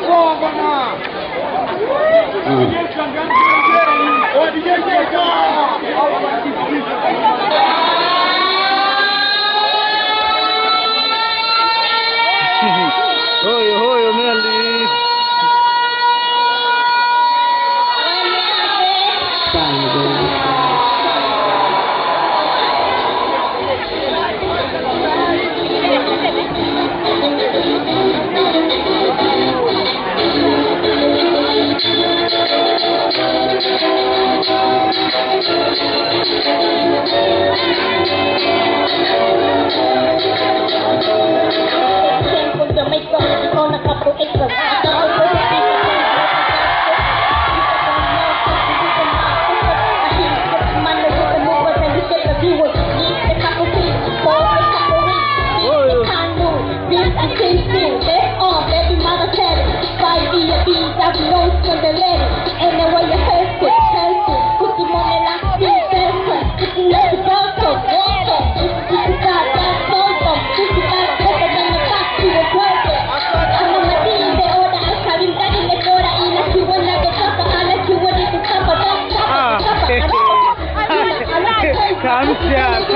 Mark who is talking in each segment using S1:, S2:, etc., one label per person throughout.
S1: Come on,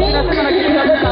S2: 皆様の気になるな。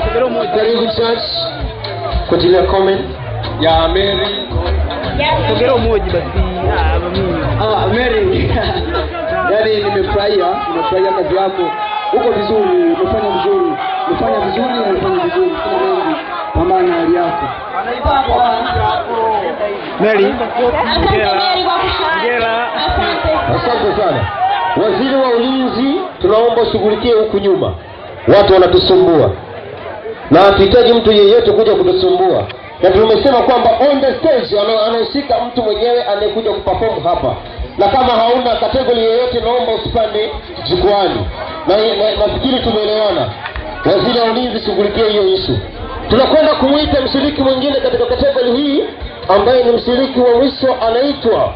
S2: There ah, ah, yaani nimefurahia, kazi yako. Uko vizuri, umefanya vizuri. Umefanya vizuri, umefanya vizuri. Pambana na hali yako. Mary. Asante sana. Waziri wa Ulinzi, tunaomba ushughulikie huku nyuma, watu wanatusumbua na hatuhitaji mtu yeyote kuja kutusumbua na tumesema kwamba on the stage anahusika mtu mwenyewe anayekuja kuperform hapa na kama hauna kategori yeyote naomba usipande jukwani na nafikiri na, tumeelewana waziri wa ulinzi shughulikia hiyo ishu tunakwenda kumwita mshiriki mwingine katika kategori hii ambaye ni mshiriki wa mwisho anaitwa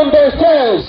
S2: on the stage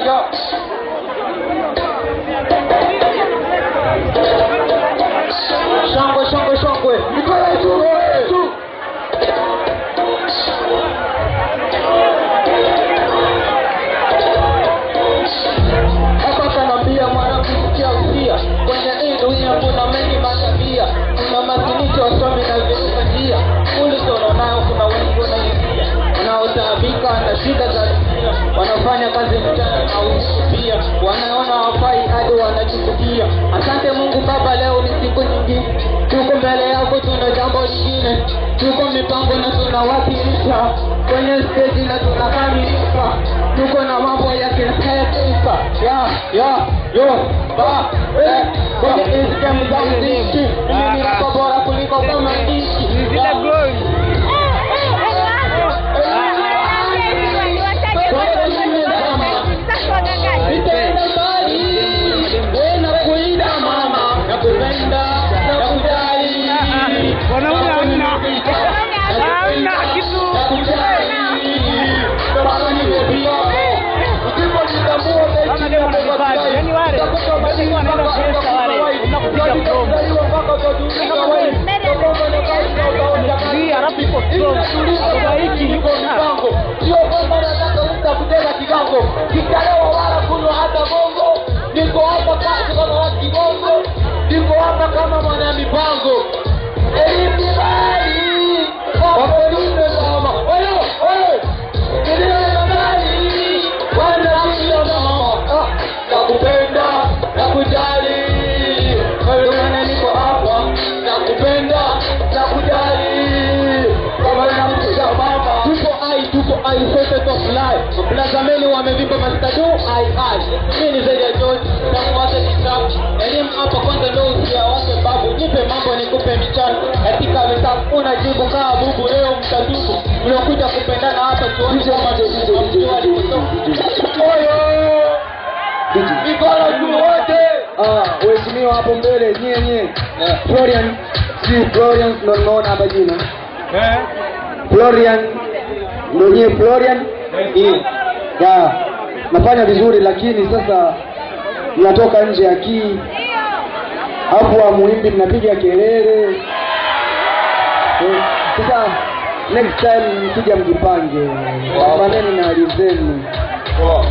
S2: kukusikia. Asante Mungu Baba, leo ni siku nyingine, tuko mbele yako, tuna jambo lingine, tuko mipango na tunawakilisha kwenye steji na tunakamilisha, tuko na mambo ya kitaifa ya ya yo ba eh, kwa mziki mimi ni bora kuliko kama mziki yako kitalewa wala kunywa hata bongo niko hapa kazi kama wakibongo niko hapa kama mwana mipango elimibali wapolime mama oyo oyo ilimibali wanaia mama nakupenda nakujali wewe niko hapa nakupenda nakujali kama namkuja mama tuko ai tuko ai sote top life blaza wamevimba mastado ai mimi ni zaidi ya George na kuwacha kitabu elimu hapa kwanza ndio usia wake babu nipe mambo nikupe michano katika kuna jibu kaa bubu leo mtadubu unakuja kupendana hapa tuone kama oyo mikono juu wote ah waheshimiwa hapo mbele nyie nyie Florian si Florian ndo naona hapa jina eh Florian ndo nyie Florian yeah ya nafanya vizuri, lakini sasa natoka nje ya kii, hapo amuimbi, mnapiga kelele eh, Sasa next time mkija, mjipange pambaneni na hali zenu. Wow.